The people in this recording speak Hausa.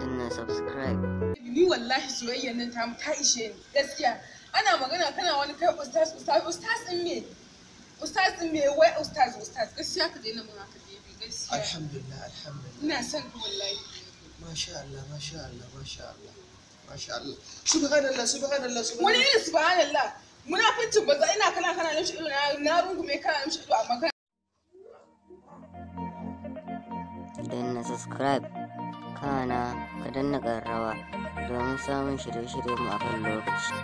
danna subscribe ni wallahi soyayyar nan ta ta ishe ni gaskiya ana magana kana wani kai ustaz ustaz ustaz din me ustaz din me wai ustaz ustaz gaskiya ka daina mun haka dai gaskiya alhamdulillah alhamdulillah ina son ku wallahi masha Allah masha Allah masha Allah masha Allah subhanallah subhanallah subhanallah wani irin subhanallah munafincin ba ina kana kana nishi ido na rungume kana nishi ido amma kana danna subscribe kana ka danna ƙararrawa domin samun shirye-shiryenmu kan lokaci